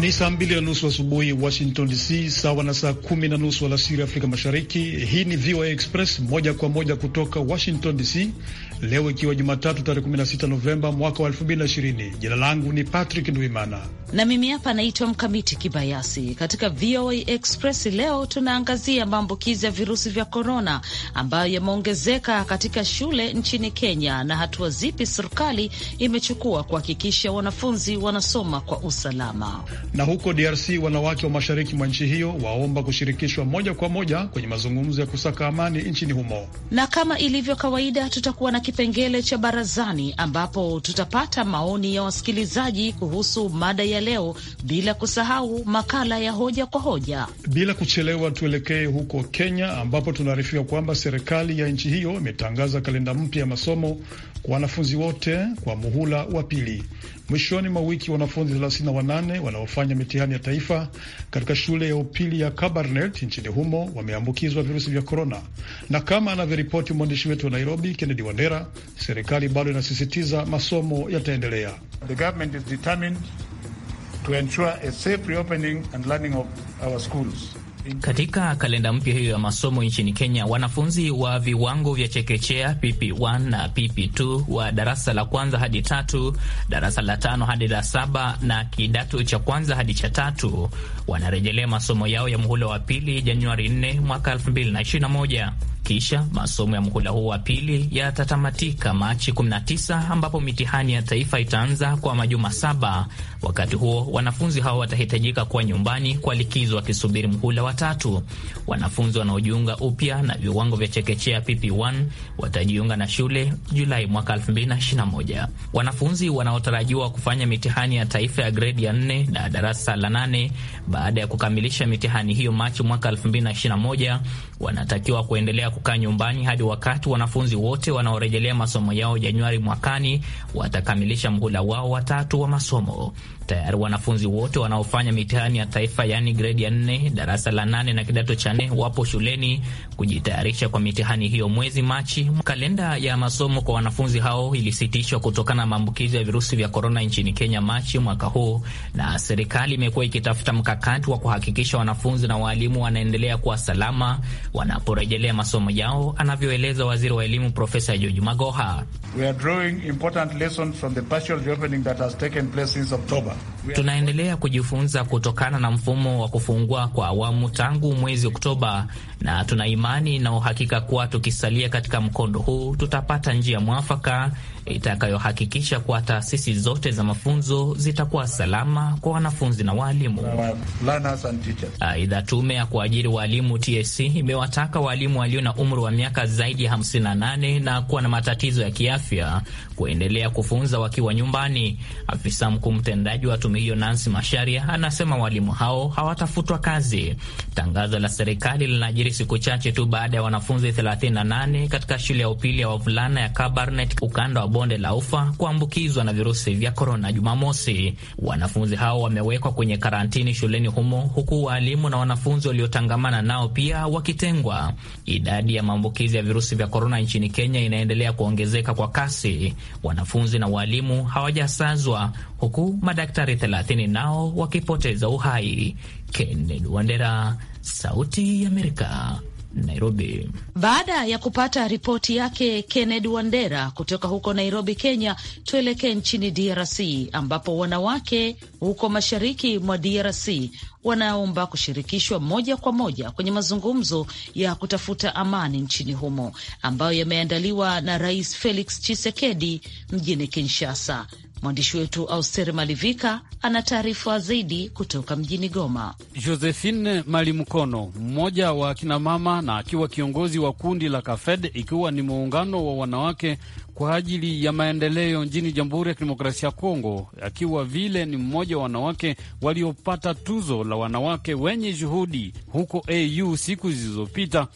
Ni saa mbili na nusu asubuhi wa Washington DC, sawa na saa kumi na nusu alasiri Afrika Mashariki. Hii ni VOA Express moja kwa moja kutoka Washington DC, leo ikiwa Jumatatu tarehe 16 Novemba mwaka wa 2020. Jina langu ni Patrick Ndwimana na mimi hapa naitwa Mkamiti Kibayasi. Katika VOA Express leo tunaangazia maambukizi ya virusi vya korona ambayo yameongezeka katika shule nchini Kenya na hatua zipi serikali imechukua kuhakikisha wanafunzi wanasoma kwa usalama. Na huko DRC wanawake wa mashariki mwa nchi hiyo waomba kushirikishwa moja kwa moja kwenye mazungumzo ya kusaka amani nchini humo. Na kama ilivyo kawaida, tutakuwa na kipengele cha barazani, ambapo tutapata maoni ya wasikilizaji kuhusu mada ya leo, bila kusahau makala ya hoja kwa hoja. Bila kuchelewa, tuelekee huko Kenya, ambapo tunaarifiwa kwamba serikali ya nchi hiyo imetangaza kalenda mpya ya masomo kwa wanafunzi wote kwa muhula wa pili. Mwishoni mwa wiki wanafunzi 38 wanaofanya mitihani ya taifa katika shule ya upili ya Kabarnet nchini humo wameambukizwa virusi vya korona, na kama anavyoripoti mwandishi wetu wa Nairobi, Kennedy Wandera, serikali bado inasisitiza masomo yataendelea. The katika kalenda mpya hiyo ya masomo nchini Kenya, wanafunzi wa viwango vya chekechea PP1 na PP2 wa darasa la kwanza hadi tatu, darasa la tano hadi la saba na kidato cha kwanza hadi cha tatu wanarejelea masomo yao ya muhula wa pili Januari 4 mwaka 2021. Kisha masomo ya muhula huu wa pili yatatamatika Machi 19 ambapo mitihani ya taifa itaanza kwa majuma saba. Wakati huo wanafunzi hao watahitajika kuwa nyumbani kwa likizo wakisubiri mhula wa tatu. Wanafunzi wanaojiunga upya na viwango vya chekechea PP1 watajiunga na shule Julai mwaka 2021. Wanafunzi wanaotarajiwa kufanya mitihani ya taifa ya gredi ya 4 na darasa la 8 baada ya kukamilisha mitihani hiyo Machi mwaka 2021 wanatakiwa kuendelea kukaa nyumbani hadi wakati wanafunzi wote wanaorejelea masomo yao Januari mwakani watakamilisha mhula wao watatu wa masomo. Tayari wanafunzi wote wanaofanya mitihani ya taifa yaani gredi ya nne, darasa la nane na kidato cha nne wapo shuleni kujitayarisha kwa mitihani hiyo mwezi Machi. Kalenda ya masomo kwa wanafunzi hao ilisitishwa kutokana na maambukizi ya virusi vya korona nchini Kenya Machi mwaka huu, na serikali imekuwa ikitafuta mkakati wa kuhakikisha wanafunzi na waalimu wanaendelea kuwa salama wanaporejelea masomo yao, anavyoeleza waziri wa elimu Profesa George Magoha. We are drawing important lessons from the partial reopening that has taken place since October. Tunaendelea kujifunza kutokana na mfumo wa kufungua kwa awamu tangu mwezi Oktoba, na tuna imani na uhakika kuwa tukisalia katika mkondo huu tutapata njia mwafaka itakayohakikisha kuwa taasisi zote za mafunzo zitakuwa salama kwa wanafunzi na waalimu. Aidha, tume ya kuajiri waalimu TSC imewataka waalimu walio na umri wa miaka zaidi ya 58 na kuwa na matatizo ya kiafya kuendelea kufunza wakiwa nyumbani. Afisa mkuu mtendaji wa tume hiyo Nancy Masharia anasema waalimu hao hawatafutwa kazi. Tangazo la serikali linaajiri siku chache tu baada ya wanafunzi 38 katika shule ya upili ya wavulana ya Kabarnet ukanda wa bonde la ufa kuambukizwa na virusi vya korona Jumamosi. Wanafunzi hao wamewekwa kwenye karantini shuleni humo, huku waalimu na wanafunzi waliotangamana nao pia wakitengwa. Idadi ya maambukizi ya virusi vya korona nchini Kenya inaendelea kuongezeka kwa kasi. Wanafunzi na waalimu hawajasazwa, huku madaktari 30 nao wakipoteza uhai. Kennedy Wandera, Sauti ya Amerika, Nairobi. Baada ya kupata ripoti yake Kennedy Wandera kutoka huko Nairobi, Kenya, tuelekee nchini DRC ambapo wanawake huko mashariki mwa DRC wanaomba kushirikishwa moja kwa moja kwenye mazungumzo ya kutafuta amani nchini humo ambayo yameandaliwa na Rais Felix Tshisekedi mjini Kinshasa. Mwandishi wetu Auster Malivika ana taarifa zaidi kutoka mjini Goma. Josephine Malimkono, mmoja wa akinamama na akiwa kiongozi wa kundi la KAFED, ikiwa ni muungano wa wanawake kwa ajili ya maendeleo nchini Jamhuri ya Kidemokrasia ya Kongo, akiwa vile ni mmoja wa wanawake waliopata tuzo la wanawake wenye juhudi huko AU siku zilizopita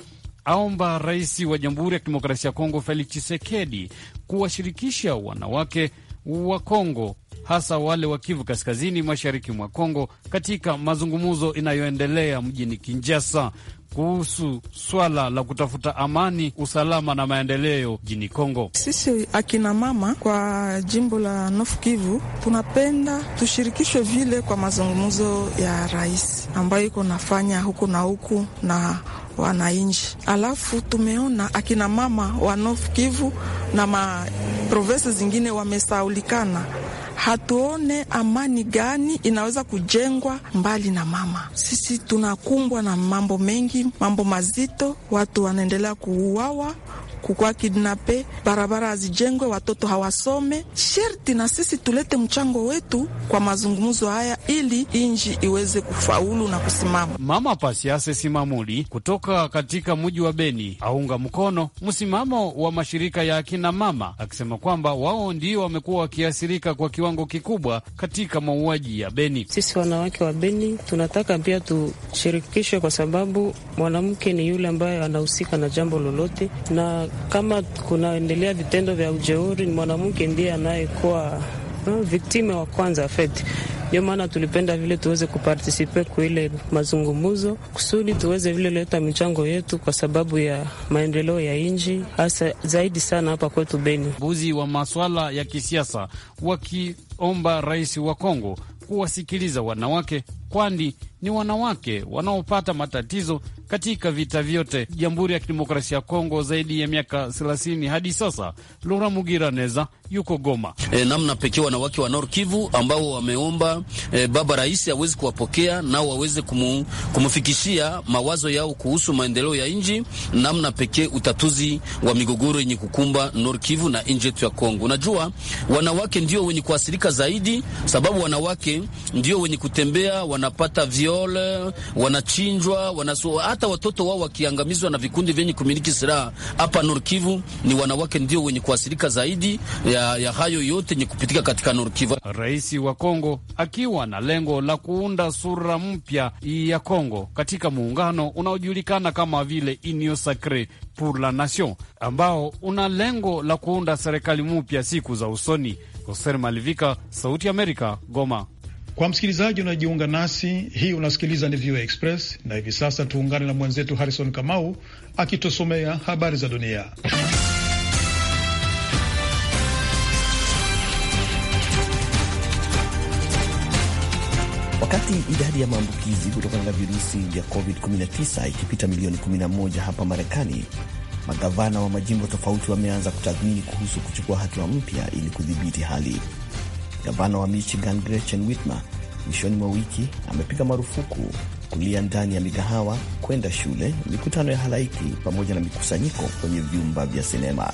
aomba rais wa Jamhuri ya Kidemokrasia ya Kongo Felix Tshisekedi kuwashirikisha wanawake wa Kongo hasa wale wa Kivu kaskazini mashariki mwa Kongo katika mazungumzo inayoendelea mjini kinjasa kuhusu swala la kutafuta amani, usalama na maendeleo jini Kongo. Sisi akina mama kwa jimbo la North Kivu tunapenda tushirikishwe vile kwa mazungumzo ya rais ambayo iko nafanya huku na huku na wananchi. Alafu tumeona akina mama wa North Kivu na maprovensi zingine wamesaulikana. Hatuone amani gani inaweza kujengwa mbali na mama. Sisi tunakumbwa na mambo mengi, mambo mazito, watu wanaendelea kuuawa kukuwa kidnape, barabara hazijengwe, watoto hawasome. Sherti na sisi tulete mchango wetu kwa mazungumzo haya ili inji iweze kufaulu na kusimama. Mama Pasiase Simamuli kutoka katika mji wa Beni aunga mkono msimamo wa mashirika ya akina mama akisema kwamba wao ndio wamekuwa wakiathirika kwa kiwango kikubwa katika mauaji ya Beni. Sisi wanawake wa Beni tunataka pia tushirikishwe, kwa sababu mwanamke ni yule ambaye anahusika na jambo lolote, na kama kunaendelea vitendo vya ujeuri, ni mwanamke ndiye anayekuwa eh, viktime wa kwanza feti. Ndio maana tulipenda vile tuweze kupartisipe ile mazungumuzo kusudi tuweze vile leta michango yetu kwa sababu ya maendeleo ya nji, hasa zaidi sana hapa kwetu Beni. Buzi wa maswala ya kisiasa wakiomba rais wa Kongo kuwasikiliza wanawake kwani ni wanawake wanaopata matatizo katika vita vyote Jamhuri ya Kidemokrasia ya Kongo zaidi ya miaka 30 hadi sasa. Lora Mugiraneza yuko Goma. E, namna pekee wanawake wa Nord Kivu ambao wameomba e, baba rais aweze kuwapokea nao waweze kumu, kumfikishia mawazo yao kuhusu maendeleo ya nji namna pekee utatuzi wa migogoro yenye kukumba Nord Kivu na nji yetu ya Kongo. Unajua wanawake ndio wenye kuathirika zaidi, sababu wanawake ndio wenye kutembea wana wanapata viole, wanachinjwa, wanasu, hata watoto wao wakiangamizwa na vikundi vyenye kumiliki silaha. Hapa Norkivu ni wanawake ndio wenye kuathirika zaidi ya, ya hayo yote ni kupitika katika Norkivu. Rais wa Kongo akiwa na lengo la kuunda sura mpya ya Kongo katika muungano unaojulikana kama vile Union pour la Nation ambao una lengo la kuunda serikali mpya siku za usoni. Hosen Malivika, Sauti ya Amerika, Goma. Kwa msikilizaji unajiunga nasi, hii unasikiliza ni VOA Express, na hivi sasa tuungane na mwenzetu Harrison Kamau akitusomea habari za dunia. Wakati idadi ya maambukizi kutokana na virusi vya COVID-19 ikipita milioni 11 hapa Marekani, magavana wa majimbo tofauti wameanza kutathmini kuhusu kuchukua hatua mpya ili kudhibiti hali Gavana wa Michigan Gretchen Whitmer mwishoni mwa wiki amepiga marufuku kulia ndani ya migahawa, kwenda shule, mikutano ya halaiki pamoja na mikusanyiko kwenye vyumba vya sinema.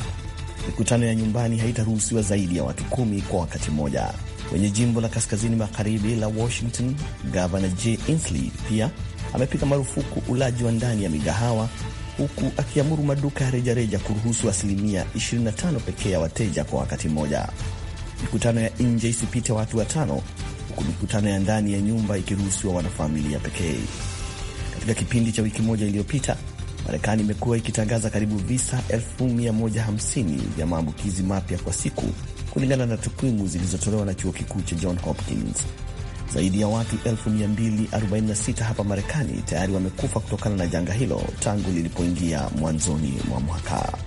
Mikutano ya nyumbani haitaruhusiwa zaidi ya watu kumi kwa wakati mmoja. Kwenye jimbo la kaskazini magharibi la Washington, gavana Jay Inslee pia amepiga marufuku ulaji wa ndani ya migahawa, huku akiamuru maduka ya rejareja kuruhusu asilimia 25 pekee ya wateja kwa wakati mmoja mikutano ya nje isipite watu watano, huku mikutano ya ndani ya nyumba ikiruhusiwa wanafamilia pekee. Katika kipindi cha wiki moja iliyopita, Marekani imekuwa ikitangaza karibu visa 1150 vya maambukizi mapya kwa siku kulingana na takwimu zilizotolewa na chuo kikuu cha John Hopkins. Zaidi ya watu 246 hapa Marekani tayari wamekufa kutokana na janga hilo tangu lilipoingia mwanzoni mwa mwaka.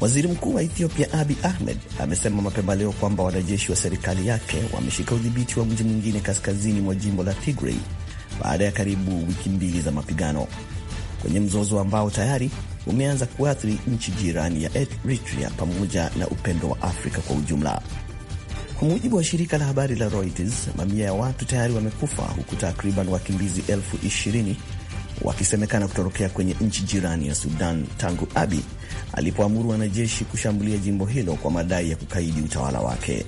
Waziri mkuu wa Ethiopia Abi Ahmed amesema mapema leo kwamba wanajeshi wa serikali yake wameshika udhibiti wa mji mwingine kaskazini mwa jimbo la Tigray baada ya karibu wiki mbili za mapigano kwenye mzozo ambao tayari umeanza kuathiri nchi jirani ya Eritrea pamoja na upendo wa Afrika kwa ujumla. Kwa mujibu wa shirika la habari la Reuters, mamia ya watu tayari wamekufa huku takriban wakimbizi elfu ishirini wakisemekana kutorokea kwenye nchi jirani ya Sudan tangu Abi alipoamuru wanajeshi kushambulia jimbo hilo kwa madai ya kukaidi utawala wake.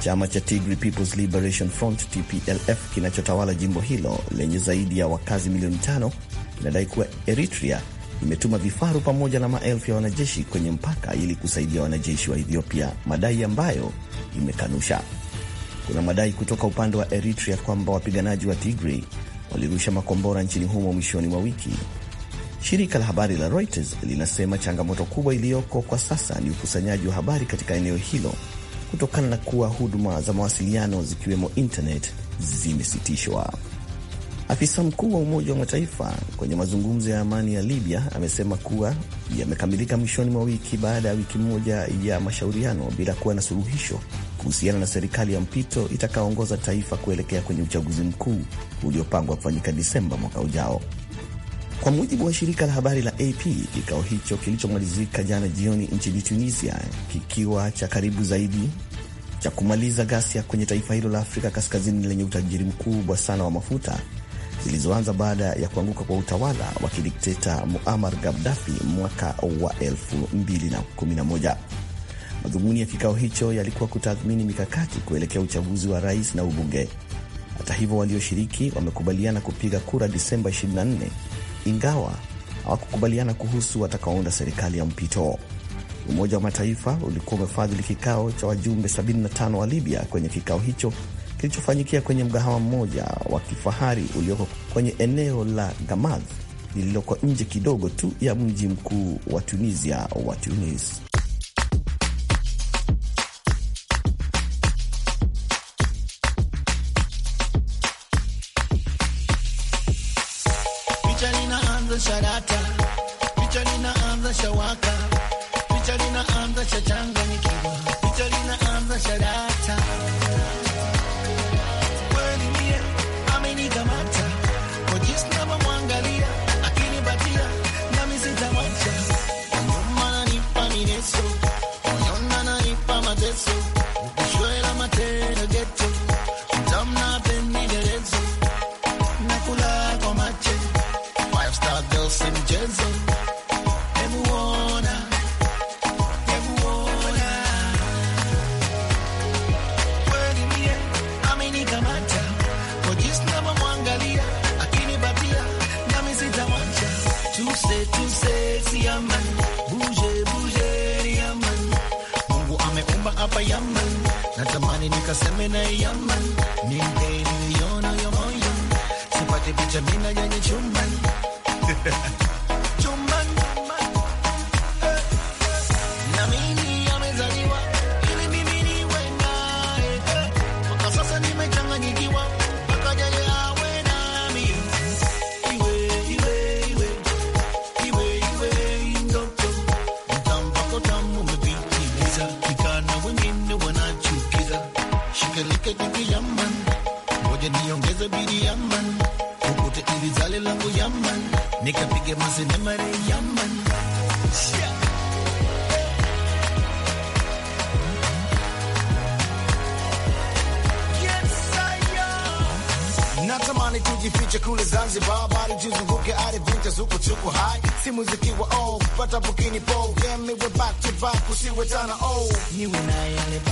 Chama cha Tigray People's Liberation Front TPLF kinachotawala jimbo hilo lenye zaidi ya wakazi milioni tano inadai kuwa Eritrea imetuma vifaru pamoja na maelfu ya wanajeshi kwenye mpaka ili kusaidia wanajeshi wa Ethiopia, madai ambayo imekanusha. Kuna madai kutoka upande wa Eritrea kwamba wapiganaji wa Tigray walirusha makombora nchini humo mwishoni mwa wiki. Shirika la habari la Reuters linasema changamoto kubwa iliyoko kwa sasa ni ukusanyaji wa habari katika eneo hilo kutokana na kuwa huduma za mawasiliano zikiwemo internet zimesitishwa. Afisa mkuu wa Umoja wa Mataifa kwenye mazungumzo ya amani ya Libya amesema kuwa yamekamilika mwishoni mwa wiki baada ya wiki moja ya mashauriano bila kuwa na suluhisho kuhusiana na serikali ya mpito itakaoongoza taifa kuelekea kwenye uchaguzi mkuu uliopangwa kufanyika Disemba mwaka ujao. Kwa mujibu wa shirika la habari la AP, kikao hicho kilichomalizika jana jioni nchini Tunisia kikiwa cha karibu zaidi cha kumaliza ghasia kwenye taifa hilo la Afrika kaskazini lenye utajiri mkubwa sana wa mafuta zilizoanza baada ya kuanguka kwa utawala wa kidikteta Muammar Gaddafi mwaka wa 2011. Madhumuni ya kikao hicho yalikuwa kutathmini mikakati kuelekea uchaguzi wa rais na ubunge. Hata hivyo, walioshiriki wamekubaliana kupiga kura Disemba 24 ingawa hawakukubaliana kuhusu watakaounda serikali ya mpito. Umoja wa Mataifa ulikuwa umefadhili kikao cha wajumbe 75 wa Libya kwenye kikao hicho kilichofanyikia kwenye mgahawa mmoja wa kifahari ulioko kwenye eneo la Gamadh lililoko nje kidogo tu ya mji mkuu wa Tunisia wa Tunis. linaanza sharata, picha linaanza shawaka, picha linaanza shachanga nikiwa, picha linaanza sharata akaseme na yama ni ndeni yona yomoyo sipate picha mina nyanya chumba azinamare yamman natamani kujificha kule zanzibar bali tuzunguke ari vinta zuku chuku simu zikiwa pata bukini po, we back to back, usiwe tana old.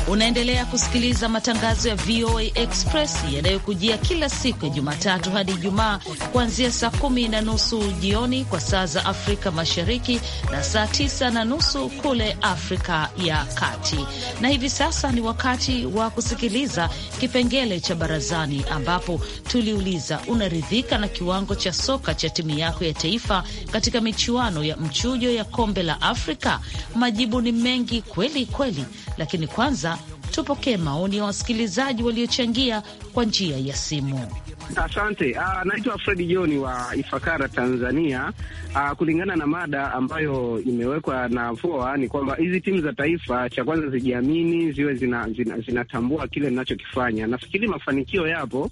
Unaendelea kusikiliza matangazo ya VOA Express yanayokujia kila siku ya Jumatatu hadi Ijumaa kuanzia saa kumi na nusu jioni kwa saa za Afrika Mashariki na saa tisa na nusu kule Afrika ya Kati. Na hivi sasa ni wakati wa kusikiliza kipengele cha barazani ambapo tuliuliza unaridhika na kiwango cha soka cha timu yako ya taifa katika michezo michuano ya mchujo ya kombe la Afrika? Majibu ni mengi kweli kweli, lakini kwanza tupokee maoni ya wasikilizaji waliochangia kwa njia ya simu. Asante. Ah, naitwa Fredi Joni wa Ifakara, Tanzania. Uh, kulingana na mada ambayo imewekwa na VOA ni kwamba hizi timu za taifa, cha kwanza zijiamini, ziwe zinatambua zina, zina kile ninachokifanya. Nafikiri mafanikio yapo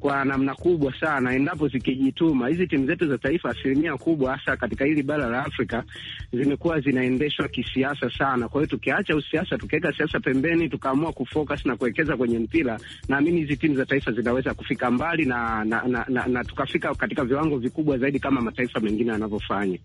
kwa namna kubwa sana endapo zikijituma. Hizi timu zetu za taifa, asilimia kubwa, hasa katika hili bara la Afrika, zimekuwa zinaendeshwa kisiasa sana. Kwa hiyo tukiacha usiasa, tukiweka siasa pembeni, tukaamua kufocus na kuwekeza kwenye mpira, naamini hizi timu za taifa zinaweza kufika mbali na, na, na, na, na tukafika katika viwango vikubwa zaidi kama mataifa mengine yanavyofanya.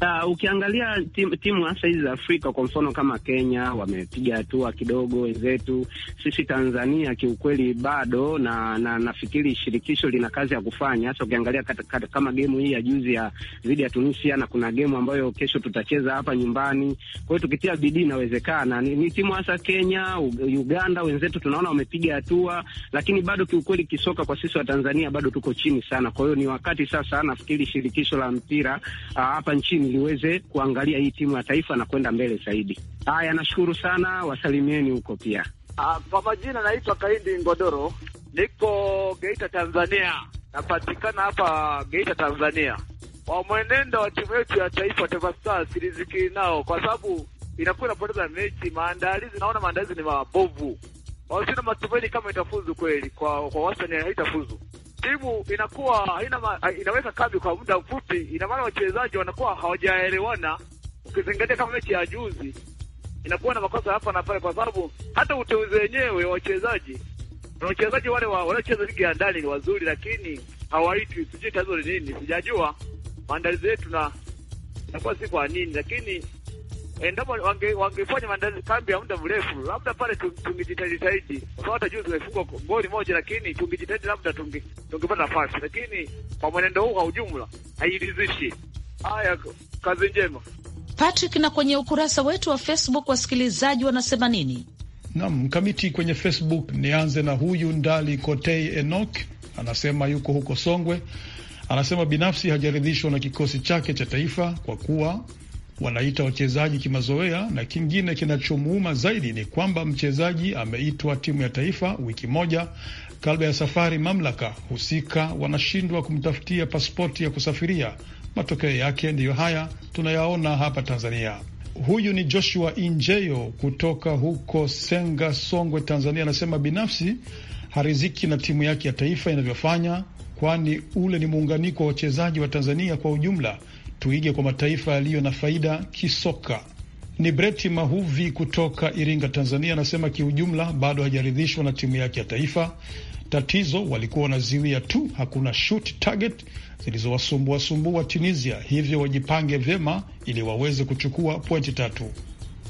Na ah, ukiangalia tim, timu hasa hizi za Afrika kwa mfano kama Kenya wamepiga hatua kidogo, wenzetu sisi Tanzania kiukweli bado, na, na nafikiri shirikisho lina kazi ya kufanya, hasa ukiangalia kata, kata, kama gemu hii ya juzi ya dhidi ya Tunisia na kuna gemu ambayo kesho tutacheza hapa nyumbani. Kwa hiyo tukitia bidii inawezekana. Ni, ni timu hasa Kenya, Uganda wenzetu tunaona wamepiga hatua, lakini bado kiukweli kisoka kwa sisi wa Tanzania bado tuko chini sana. Kwa hiyo ni wakati sasa nafikiri shirikisho la mpira ah, hapa nchi chini liweze kuangalia hii timu ya taifa na kwenda mbele zaidi. Haya, nashukuru sana, wasalimieni huko pia. Ah, kwa majina naitwa Kaindi Ngodoro, niko Geita, Tanzania, napatikana hapa Geita, Tanzania. Kwa mwenendo wa timu yetu ya taifa Taifa Stars nao kwa sababu inakuwa inapoteza mechi. Maandalizi, naona maandalizi ni mabovu, wasina matumaini kama itafuzu kweli. Kwa kwa wastani haitafuzu timu inakuwa haina inaweka kambi kwa muda mfupi, ina maana wachezaji wanakuwa hawajaelewana. Ukizingatia kama mechi ya juzi inakuwa na makosa hapa na pale, kwa sababu hata uteuzi wenyewe wa wachezaji na wachezaji wale wanaocheza ligi ya ndani ni wazuri, lakini hawaitwi. Sijui tatizo ni nini, sijajua maandalizi yetu na inakuwa si kwa nini, lakini endapo eh, wange, wangefanya maandalizi kambi ya muda mrefu, labda pale tungejitahidi, kwa sababu hata juzi tumefungwa goli moja, lakini tungejitahidi, labda tungepata nafasi, lakini kwa mwenendo huu kwa ujumla hairidhishi. Haya, kazi njema Patrick. Na kwenye ukurasa wetu wa Facebook wasikilizaji wanasema nini? Nam mkamiti kwenye Facebook, nianze na huyu Ndali Kotei Enok, anasema yuko huko Songwe, anasema binafsi hajaridhishwa na kikosi chake cha taifa kwa kuwa wanaita wachezaji kimazoea, na kingine kinachomuuma zaidi ni kwamba mchezaji ameitwa timu ya taifa wiki moja kabla ya safari. Mamlaka husika wanashindwa kumtafutia pasipoti ya kusafiria. Matokeo yake ndiyo haya tunayaona hapa Tanzania. Huyu ni Joshua Injeyo kutoka huko Senga, Songwe, Tanzania. Anasema binafsi hariziki na timu yake ya taifa inavyofanya, kwani ule ni muunganiko wa wachezaji wa Tanzania kwa ujumla tuige kwa mataifa yaliyo na faida kisoka. Ni Breti Mahuvi kutoka Iringa, Tanzania, anasema kiujumla bado hajaridhishwa na timu yake ya taifa. Tatizo walikuwa wanaziwia tu, hakuna shoot target zilizowasumbua sumbua Tunisia, hivyo wajipange vyema ili waweze kuchukua pointi tatu.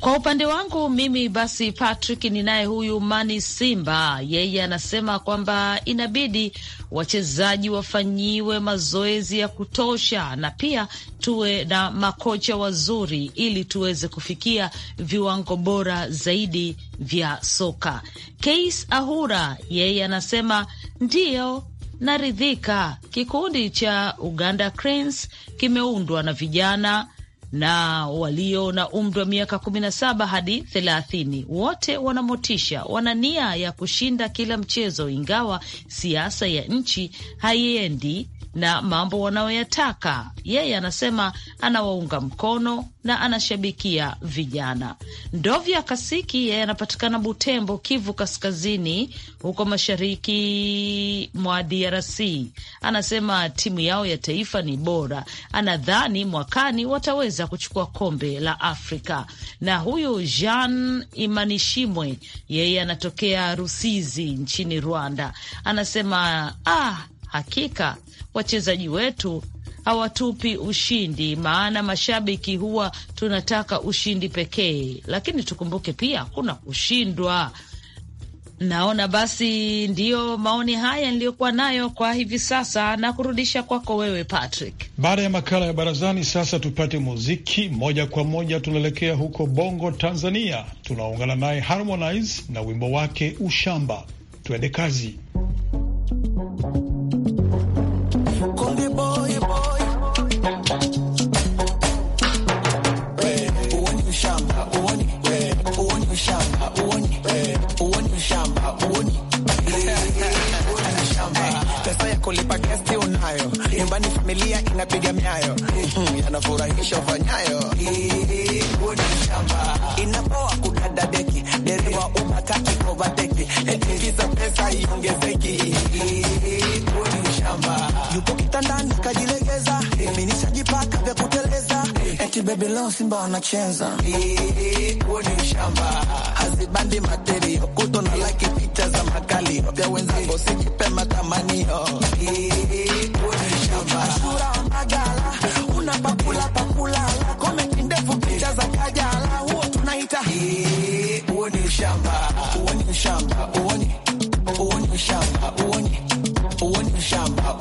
Kwa upande wangu mimi basi, Patrick ninaye huyu Mani Simba, yeye anasema kwamba inabidi wachezaji wafanyiwe mazoezi ya kutosha na pia tuwe na makocha wazuri ili tuweze kufikia viwango bora zaidi vya soka. Case Ahura yeye anasema ndiyo naridhika. Kikundi cha Uganda Cranes kimeundwa na vijana na walio na umri wa miaka kumi na saba hadi thelathini. Wote wanamotisha wana nia ya kushinda kila mchezo, ingawa siasa ya nchi haiendi na mambo wanayoyataka. Yeye anasema anawaunga mkono na anashabikia vijana. Ndovya Kasiki yeye anapatikana Butembo, Kivu Kaskazini, huko mashariki mwa DRC. Anasema timu yao ya taifa ni bora, anadhani mwakani wataweza kuchukua kombe la Afrika. Na huyu Jean Imanishimwe yeye anatokea Rusizi nchini Rwanda, anasema ah, Hakika wachezaji wetu hawatupi ushindi, maana mashabiki huwa tunataka ushindi pekee, lakini tukumbuke pia kuna kushindwa. Naona basi ndiyo maoni haya niliyokuwa nayo kwa hivi sasa, na kurudisha kwako wewe Patrick. Baada ya makala ya barazani, sasa tupate muziki moja kwa moja. Tunaelekea huko Bongo, Tanzania. Tunaungana naye Harmonize na wimbo wake Ushamba. Tuende kazi. kulipa kesti unayo nyumbani, familia inapiga miayo, hmm, yanafurahisha ufanyayo, inapoa kukada deki, dereva upataki overdeki, eti pesa iongezeki, yupo kitandani kajilegeza, mimi vya kuteleza Eti baby leo Simba wanacheza hazibandi materio kuto na like picha za makalio vya wenzangu, sijipe matamanio ushamba,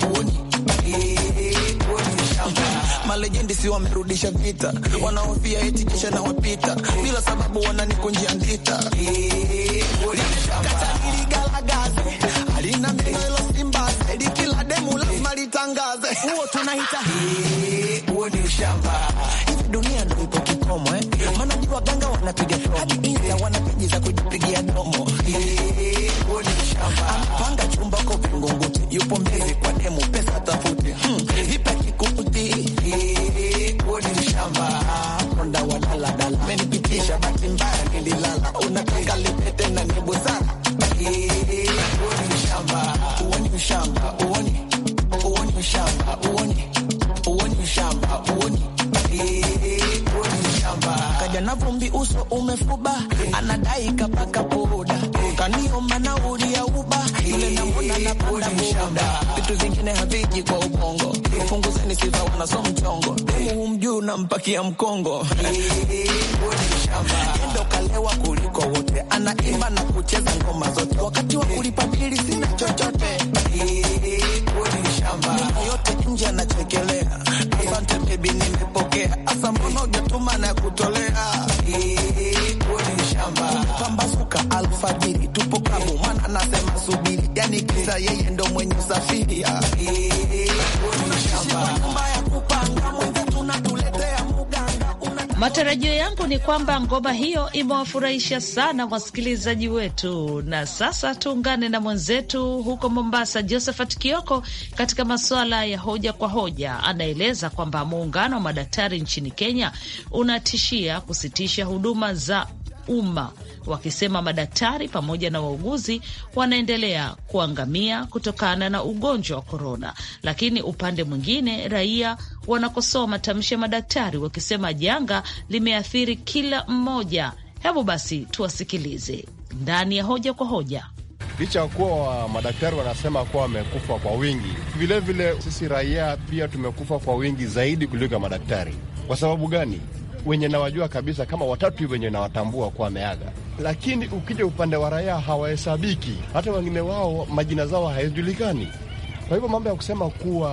Malejendi si wamerudisha vita, wanaofia eti kisha na wapita bila sababu wananikunjia ngita alina meno ilo lazima litangaze huo tunaita huo ni ushamba hivi dunia ndo ipo kikomo eh? waganga wanapiga hadi ila za kujipigia anadai kabaka boda kanioma nauli ya uba ile namona na boda boda, vitu vingine haviji kwa ubongo, upunguzeni sifa so mchongo huu mjuu nampakia mkongo ndo kalewa kuliko wote, anaimba na kucheza ngoma zote, wakati wa kulipa bili sina chochote, yote nje anachekelea Matarajio yangu ni kwamba ngoma hiyo imewafurahisha sana wasikilizaji wetu, na sasa tuungane na mwenzetu huko Mombasa, Josephat Kioko, katika masuala ya hoja kwa hoja. Anaeleza kwamba muungano wa madaktari nchini Kenya unatishia kusitisha huduma za umma wakisema madaktari pamoja na wauguzi wanaendelea kuangamia kutokana na ugonjwa wa korona. Lakini upande mwingine, raia wanakosoa matamshi ya madaktari wakisema janga limeathiri kila mmoja. Hebu basi tuwasikilize ndani ya hoja kwa hoja. Licha ya kuwa madaktari wanasema kuwa wamekufa kwa wingi, vilevile sisi raia pia tumekufa kwa wingi zaidi kuliko madaktari. Kwa sababu gani? Wenye nawajua kabisa kama watatu hivi wenye nawatambua kuwa wameaga lakini ukija upande wa raia hawahesabiki, hata wengine wao majina zao hayajulikani. Kwa hivyo mambo ya kusema kuwa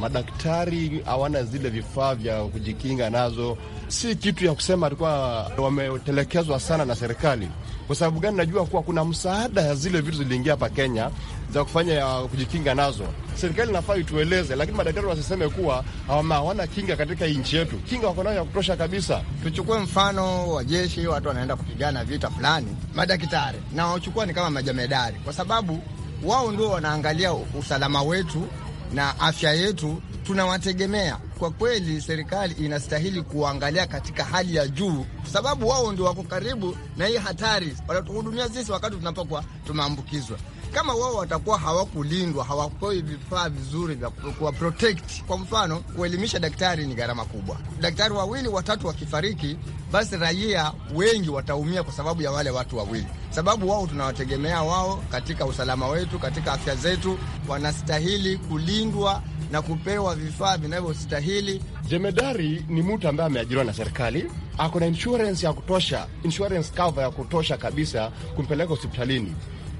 madaktari hawana zile vifaa vya kujikinga nazo si kitu ya kusema alikuwa wametelekezwa sana na serikali. Kwa sababu gani? Najua kuwa kuna msaada ya zile vitu ziliingia hapa Kenya za kufanya ya kujikinga nazo serikali inafaa itueleze, lakini madaktari wasiseme kuwa hawana kinga katika nchi yetu. Kinga wako nayo ya kutosha kabisa. Tuchukue mfano wa jeshi, watu wanaenda kupigana vita fulani, madaktari na wachukua ni kama majamedari kwa sababu wao ndio wanaangalia usalama wetu na afya yetu, tunawategemea. Kwa kweli, serikali inastahili kuangalia katika hali ya juu, kwa sababu wao ndio wako karibu na hii hatari, wanatuhudumia sisi wakati tunapokuwa tumeambukizwa kama wao watakuwa hawakulindwa, hawapewi vifaa vizuri vya kuwa protect. Kwa mfano, kuelimisha daktari ni gharama kubwa. Daktari wawili watatu wakifariki, basi raia wengi wataumia kwa sababu ya wale watu wawili, sababu wao tunawategemea wao katika usalama wetu, katika afya zetu, wanastahili kulindwa na kupewa vifaa vinavyostahili. Jemedari ni mtu ambaye ameajiriwa na serikali, ako na insurance ya kutosha, insurance cover ya kutosha kabisa kumpeleka hospitalini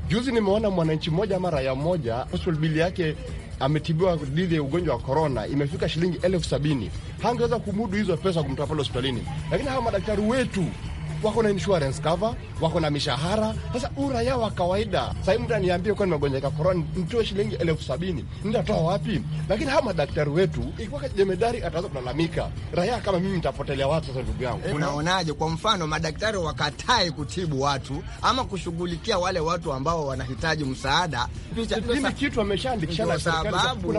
Juzi nimeona mwananchi mmoja ama raia mmoja hospital bili yake ametibiwa dhidi ya ugonjwa wa korona imefika shilingi elfu sabini. Hangeweza kumudu hizo pesa kumtoa pale hospitalini, lakini hawa madaktari wetu wako na insurance cover, wako na mishahara. Sasa uraia wa kawaida sahii, mtu aniambie kuwa nimegonjeka korona, nitoe shilingi elfu sabini nitatoa wapi? Lakini hawa madaktari wetu, ikiwa jemedari ataweza kulalamika, raia kama mimi nitapotelea watu. Sasa ndugu yangu, unaonaje? Kwa mfano madaktari wakatae kutibu watu ama kushughulikia wale watu ambao wanahitaji msaada, mimi kitu ameshaandikishana na serikali,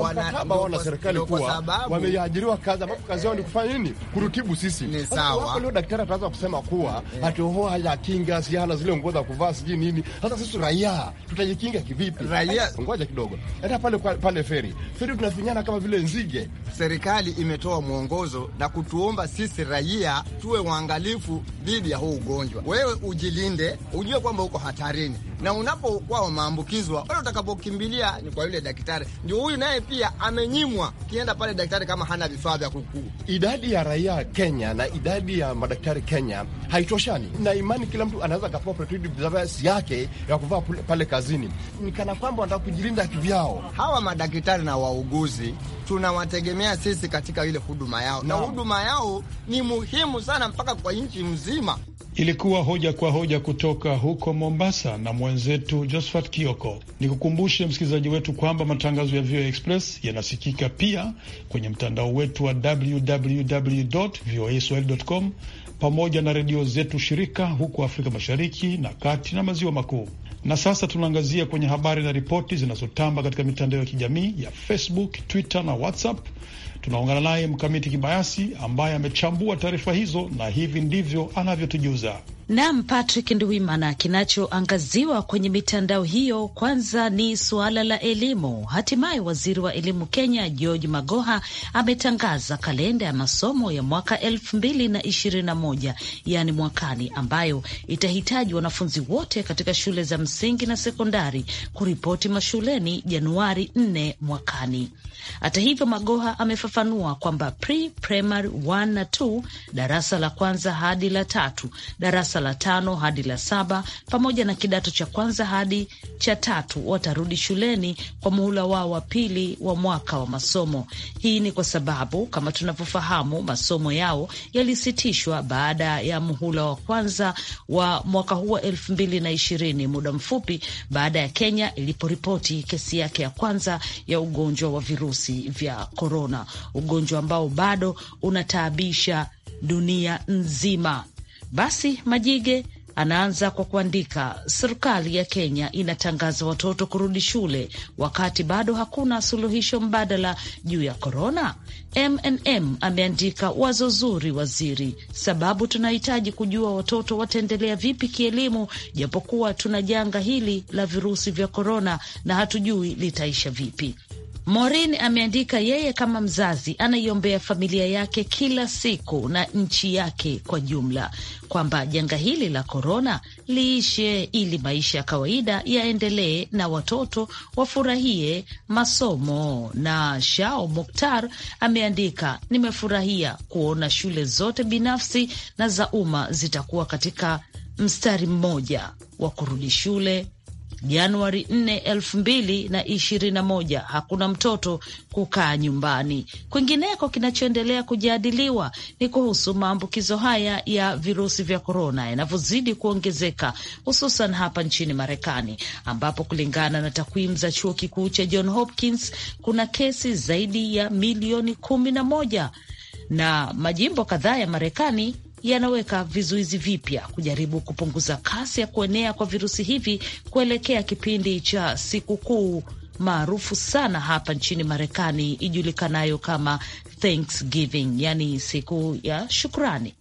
wana serikali kuwa wameajiriwa kazi ambapo kazi yao ni kufanya nini? Kurutibu sisi. Ni Sawa, leo daktari ataweza kusema kuwa Eh. ati oho kinga si zile nguo za kuvaa sijui nini. Sasa sisi raia tutajikinga kivipi? Raia ngoja kidogo, hata pale pale feri feri tunafinyana kama vile nzige. Serikali imetoa mwongozo na kutuomba sisi raia tuwe waangalifu dhidi ya huu ugonjwa. Wewe ujilinde, ujue kwamba uko hatarini na unapokuwa umeambukizwa, ule utakapokimbilia ni kwa yule daktari, ndio huyu naye pia amenyimwa, ukienda pale daktari kama hana vifaa vya kukuu. Idadi ya raia Kenya na idadi ya madaktari Kenya haitoshani, na imani kila mtu anaweza akapewa protective yake ya kuvaa pale kazini, ni kana kwamba wanataka kujilinda kivyao. Hawa madaktari na wauguzi tunawategemea sisi katika ile huduma yao, na huduma yao ni muhimu sana mpaka kwa nchi mzima. Ilikuwa hoja kwa hoja kutoka huko Mombasa na mwenzetu Josphat Kioko. Nikukumbushe msikilizaji wetu kwamba matangazo ya VOA Express yanasikika pia kwenye mtandao wetu wa www voa swahili com pamoja na redio zetu shirika huko Afrika Mashariki na kati na maziwa makuu. Na sasa tunaangazia kwenye habari na ripoti zinazotamba katika mitandao ya kijamii ya Facebook, Twitter na WhatsApp. Tunaungana naye Mkamiti Kibayasi ambaye amechambua taarifa hizo na hivi ndivyo anavyotujuza. Nam Patrick Ndwimana. Kinachoangaziwa kwenye mitandao hiyo kwanza ni suala la elimu. Hatimaye waziri wa elimu Kenya George Magoha ametangaza kalenda ya masomo ya mwaka elfu mbili na ishirini na moja yaani mwakani, ambayo itahitaji wanafunzi wote katika shule za msingi na sekondari kuripoti mashuleni Januari nne mwakani. Hata hivyo, Magoha amefafanua kwamba pre primary 1 na 2, darasa la kwanza hadi la tatu, darasa darasa la tano hadi la saba pamoja na kidato cha kwanza hadi cha tatu watarudi shuleni kwa muhula wao wa pili wa mwaka wa masomo. Hii ni kwa sababu kama tunavyofahamu, masomo yao yalisitishwa baada ya muhula wa kwanza wa mwaka huu wa elfu mbili na ishirini, muda mfupi baada ya Kenya iliporipoti kesi yake ya kwanza ya ugonjwa wa virusi vya korona, ugonjwa ambao bado unataabisha dunia nzima. Basi Majige anaanza kwa kuandika, serikali ya Kenya inatangaza watoto kurudi shule wakati bado hakuna suluhisho mbadala juu ya korona. MNM ameandika wazo zuri, waziri, sababu tunahitaji kujua watoto wataendelea vipi kielimu, japokuwa tuna janga hili la virusi vya korona na hatujui litaisha vipi. Maureen ameandika yeye kama mzazi anaiombea familia yake kila siku na nchi yake kwa jumla, kwamba janga hili la korona liishe ili maisha ya kawaida yaendelee na watoto wafurahie masomo. Na Shao Muktar ameandika nimefurahia kuona shule zote binafsi na za umma zitakuwa katika mstari mmoja wa kurudi shule Januari 4, 2021, hakuna mtoto kukaa nyumbani. Kwingineko, kinachoendelea kujadiliwa ni kuhusu maambukizo haya ya virusi vya korona yanavyozidi kuongezeka hususan hapa nchini Marekani, ambapo kulingana na takwimu za chuo kikuu cha John Hopkins kuna kesi zaidi ya milioni kumi na moja na majimbo kadhaa ya Marekani yanaweka vizuizi vipya kujaribu kupunguza kasi ya kuenea kwa virusi hivi kuelekea kipindi cha sikukuu maarufu sana hapa nchini Marekani ijulikanayo kama Thanksgiving, yaani siku ya shukrani.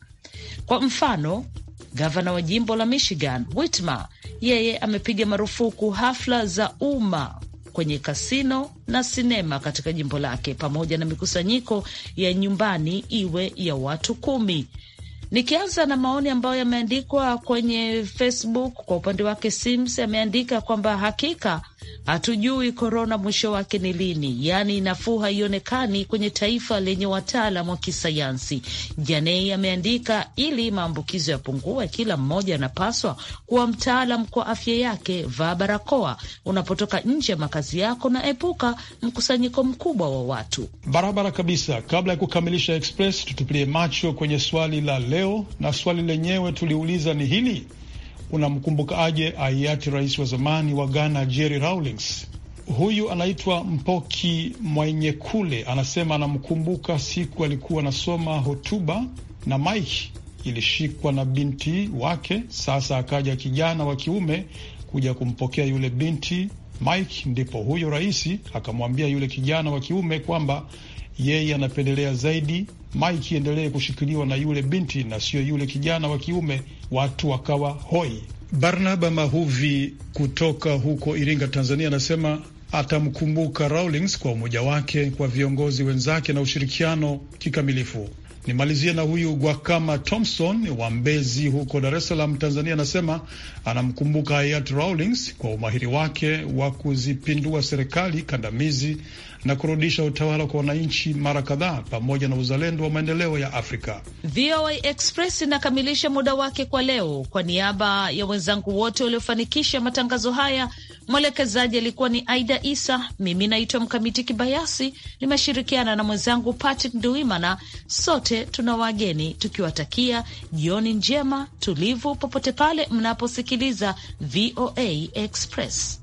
Kwa mfano, gavana wa jimbo la Michigan Whitmer, yeye amepiga marufuku hafla za umma kwenye kasino na sinema katika jimbo lake pamoja na mikusanyiko ya nyumbani iwe ya watu kumi. Nikianza na maoni ambayo yameandikwa kwenye Facebook, kwa upande wake Sims ameandika kwamba hakika hatujui korona mwisho wake ni lini, yaani nafuu haionekani kwenye taifa lenye wataalam wa kisayansi. Janei ameandika ili maambukizo yapungue, kila mmoja anapaswa kuwa mtaalam kwa afya yake. Vaa barakoa unapotoka nje ya makazi yako na epuka mkusanyiko mkubwa wa watu. Barabara kabisa. Kabla ya kukamilisha Express, tutupilie macho kwenye swali la leo, na swali lenyewe tuliuliza ni hili: unamkumbuka aje hayati rais wa zamani wa Ghana Jerry Rawlings? Huyu anaitwa Mpoki Mwenyekule, anasema anamkumbuka siku alikuwa anasoma hotuba na mike ilishikwa na binti wake. Sasa akaja kijana wa kiume kuja kumpokea yule binti Mike, ndipo huyo rais akamwambia yule kijana wa kiume kwamba yeye anapendelea zaidi Mike iendelee kushikiliwa na yule binti na sio yule kijana wa kiume, watu wakawa hoi. Barnaba Mahuvi kutoka huko Iringa, Tanzania, anasema atamkumbuka Rawlings kwa umoja wake kwa viongozi wenzake na ushirikiano kikamilifu. Nimalizie na huyu Gwakama Thompson wa Mbezi huko Dar es Salaam, Tanzania, anasema anamkumbuka hayati Rawlings kwa umahiri wake wa kuzipindua serikali kandamizi na kurudisha utawala kwa wananchi mara kadhaa, pamoja na uzalendo wa maendeleo ya Afrika. VOA Express inakamilisha muda wake kwa leo. Kwa niaba ya wenzangu wote waliofanikisha matangazo haya, mwelekezaji alikuwa ni Aida Isa, mimi naitwa Mkamiti Kibayasi, nimeshirikiana na mwenzangu Patrick Nduimana. Sote tuna wageni tukiwatakia jioni njema tulivu, popote pale mnaposikiliza VOA Express.